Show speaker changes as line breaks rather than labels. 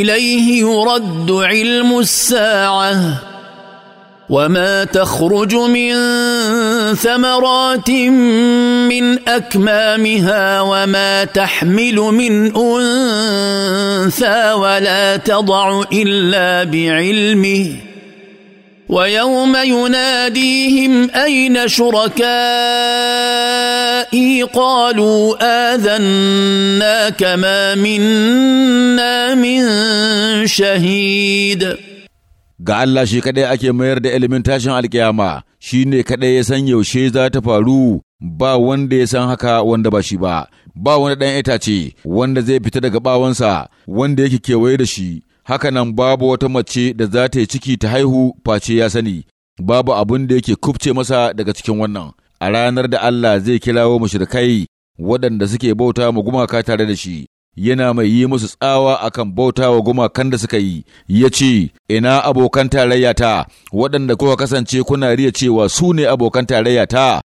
اليه يرد علم الساعه وما تخرج من ثمرات من اكمامها وما تحمل من انثى ولا تضع الا بعلمه ويوم يناديهم اين شركائي قالوا اذناك ما منا na min shahid. Ga Allah shi kaɗai ake mayar da ilimin
tashin alkiyama shi ne kaɗai ya san yaushe za ta faru ba wanda ya san haka wanda ba shi ba, ba wani ɗan itace wanda zai fita daga bawansa wanda yake kewaye da shi, haka nan babu wata mace da za ta yi ciki ta haihu face ya sani, babu abin da yake kubce masa daga cikin wannan. A ranar da Allah zai kirawo mashirkai waɗanda suke bauta mu gumaka tare da shi, yana mai yi musu tsawa akan bauta wa gumakan da suka yi, ya ce, Ina abokan tarayyata, waɗanda kuka kasance kuna riya cewa su ne abokan tarayyata,